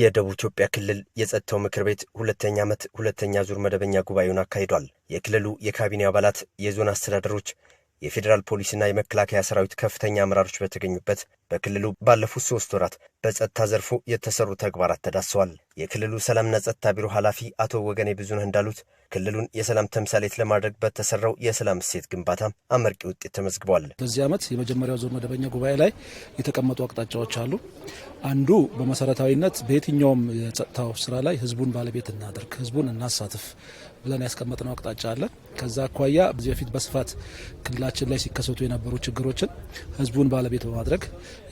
የደቡብ ኢትዮጵያ ክልል የጸጥታው ምክር ቤት ሁለተኛ ዓመት ሁለተኛ ዙር መደበኛ ጉባኤውን አካሂዷል። የክልሉ የካቢኔ አባላት፣ የዞን አስተዳደሮች፣ የፌዴራል ፖሊስና የመከላከያ ሰራዊት ከፍተኛ አመራሮች በተገኙበት በክልሉ ባለፉት ሶስት ወራት በጸጥታ ዘርፎ የተሰሩ ተግባራት ተዳስሰዋል። የክልሉ ሰላምና ጸጥታ ቢሮ ኃላፊ አቶ ወገኔ ብዙነህ እንዳሉት ክልሉን የሰላም ተምሳሌት ለማድረግ በተሰራው የሰላም እሴት ግንባታ አመርቂ ውጤት ተመዝግቧል። በዚህ ዓመት የመጀመሪያው ዙር መደበኛ ጉባኤ ላይ የተቀመጡ አቅጣጫዎች አሉ። አንዱ በመሰረታዊነት በየትኛውም የጸጥታው ስራ ላይ ህዝቡን ባለቤት እናደርግ፣ ህዝቡን እናሳትፍ ብለን ያስቀመጥነው አቅጣጫ አለ። ከዛ አኳያ በዚህ በፊት በስፋት ክልላችን ላይ ሲከሰቱ የነበሩ ችግሮችን ህዝቡን ባለቤት በማድረግ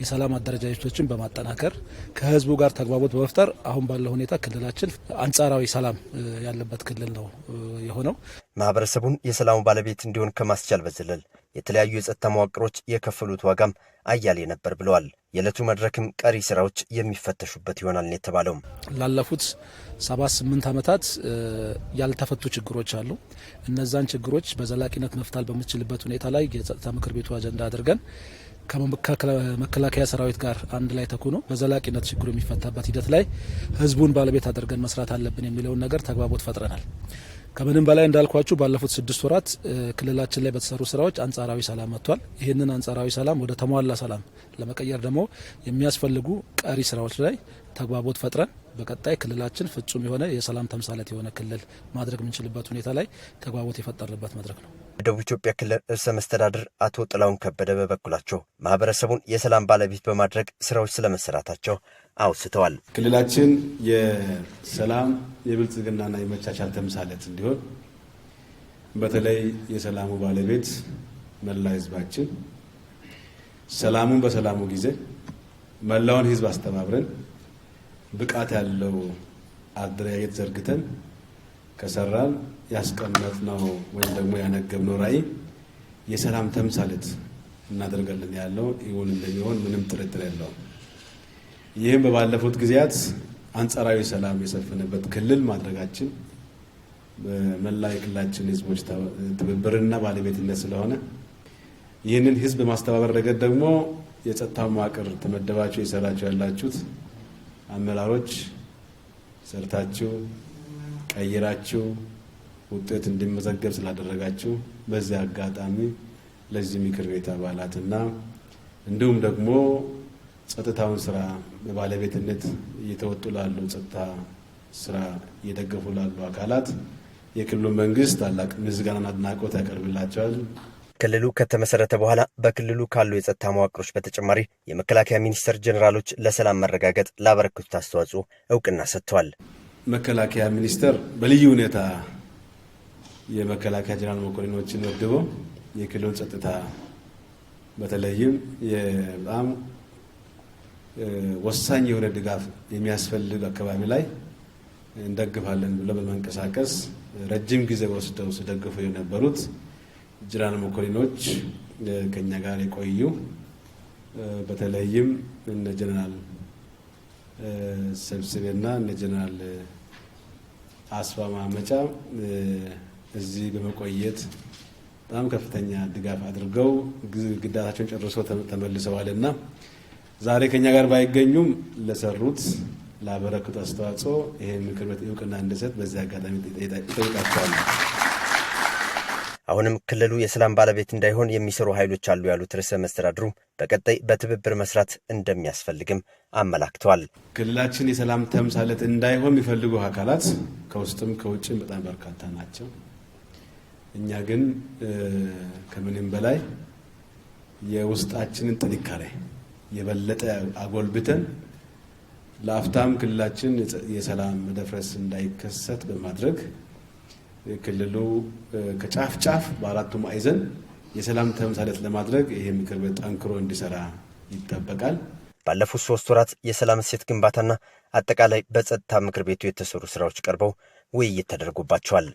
የሰላም አደረጃጀቶችን በማጠናከር ከህዝቡ ጋር ተግባቦት በመፍጠር አሁን ባለው ሁኔታ ክልላችን አንጻራዊ ሰላም ያለበት ክልል ነው የሆነው። ማህበረሰቡን የሰላሙ ባለቤት እንዲሆን ከማስቻል በዘለል የተለያዩ የጸጥታ መዋቅሮች የከፈሉት ዋጋም አያሌ ነበር ብለዋል። የዕለቱ መድረክም ቀሪ ስራዎች የሚፈተሹበት ይሆናል የተባለው። ላለፉት ሰባት ስምንት ዓመታት ያልተፈቱ ችግሮች አሉ። እነዛን ችግሮች በዘላቂነት መፍታል በምትችልበት ሁኔታ ላይ የጸጥታ ምክር ቤቱ አጀንዳ አድርገን ከመከላከያ ሰራዊት ጋር አንድ ላይ ተኩኖ በዘላቂነት ችግሩ የሚፈታበት ሂደት ላይ ህዝቡን ባለቤት አድርገን መስራት አለብን የሚለውን ነገር ተግባቦት ፈጥረናል። ከምንም በላይ እንዳልኳችሁ ባለፉት ስድስት ወራት ክልላችን ላይ በተሰሩ ስራዎች አንጻራዊ ሰላም መጥቷል። ይህንን አንጻራዊ ሰላም ወደ ተሟላ ሰላም ለመቀየር ደግሞ የሚያስፈልጉ ቀሪ ስራዎች ላይ ተግባቦት ፈጥረን በቀጣይ ክልላችን ፍጹም የሆነ የሰላም ተምሳሌት የሆነ ክልል ማድረግ የምንችልበት ሁኔታ ላይ ተግባቦት የፈጠርንበት መድረክ ነው። በደቡብ ኢትዮጵያ ክልል ርዕሰ መስተዳድር አቶ ጥላውን ከበደ በበኩላቸው ማህበረሰቡን የሰላም ባለቤት በማድረግ ስራዎች ስለመሰራታቸው አውስተዋል። ክልላችን የሰላም የብልጽግናና የመቻቻል ተምሳሌት እንዲሆን በተለይ የሰላሙ ባለቤት መላ ህዝባችን ሰላሙን በሰላሙ ጊዜ መላውን ህዝብ አስተባብረን ብቃት ያለው አደረጃጀት ዘርግተን ከሰራን ያስቀመጥነው ወይም ደግሞ ያነገብነው ራዕይ የሰላም ተምሳሌት እናደርጋለን ያለው ይሁን እንደሚሆን ምንም ጥርጥር የለውም። ይህም በባለፉት ጊዜያት አንጻራዊ ሰላም የሰፈነበት ክልል ማድረጋችን በመላ የክልላችን ህዝቦች ትብብርና ባለቤትነት ስለሆነ ይህንን ህዝብ በማስተባበር ረገድ ደግሞ የጸጥታ መዋቅር ተመደባቸው የሰራቸው ያላችሁት አመራሮች ሰርታችሁ ቀይራችሁ ውጤት እንዲመዘገብ ስላደረጋችሁ በዚህ አጋጣሚ ለዚህ ምክር ቤት አባላትና እንዲሁም ደግሞ ጸጥታውን ስራ በባለቤትነት እየተወጡ ላሉ ጸጥታ ስራ እየደገፉ ላሉ አካላት የክልሉ መንግስት ታላቅ ምስጋናና አድናቆት ያቀርብላቸዋል። ክልሉ ከተመሰረተ በኋላ በክልሉ ካሉ የጸጥታ መዋቅሮች በተጨማሪ የመከላከያ ሚኒስቴር ጀኔራሎች ለሰላም መረጋገጥ ላበረከቱት አስተዋጽኦ እውቅና ሰጥተዋል። መከላከያ ሚኒስቴር በልዩ ሁኔታ የመከላከያ ጀነራል መኮንኖችን መድቦ የክልሉን ጸጥታ በተለይም በጣም ወሳኝ የሆነ ድጋፍ የሚያስፈልግ አካባቢ ላይ እንደግፋለን ብሎ በመንቀሳቀስ ረጅም ጊዜ ወስደው ሲደግፉ የነበሩት ጀነራል መኮንኖች ከኛ ጋር የቆዩ በተለይም እነ ጀነራል ሰብስቤና እነ ጀነራል አስፋ ማመጫ እዚህ በመቆየት በጣም ከፍተኛ ድጋፍ አድርገው ግዳታቸውን ጨርሰው ተመልሰዋል ተመልሰዋልና ዛሬ ከኛ ጋር ባይገኙም ለሰሩት ላበረክቱ አስተዋጽኦ ይህን ምክር ቤት እውቅና እንዲሰጥ በዚህ አጋጣሚ ይጠይቃቸዋል። አሁንም ክልሉ የሰላም ባለቤት እንዳይሆን የሚሰሩ ኃይሎች አሉ ያሉት ርዕሰ መስተዳድሩ በቀጣይ በትብብር መስራት እንደሚያስፈልግም አመላክተዋል። ክልላችን የሰላም ተምሳሌት እንዳይሆን የሚፈልጉ አካላት ከውስጥም ከውጭም በጣም በርካታ ናቸው። እኛ ግን ከምንም በላይ የውስጣችንን ጥንካሬ የበለጠ አጎልብተን ለአፍታም ክልላችን የሰላም መደፍረስ እንዳይከሰት በማድረግ ክልሉ ከጫፍ ጫፍ በአራቱ ማዕዘን የሰላም ተምሳሌት ለማድረግ ይሄ ምክር ቤት ጠንክሮ እንዲሰራ ይጠበቃል። ባለፉት ሶስት ወራት የሰላም እሴት ግንባታና አጠቃላይ በጸጥታ ምክር ቤቱ የተሰሩ ስራዎች ቀርበው ውይይት ተደርጎባቸዋል።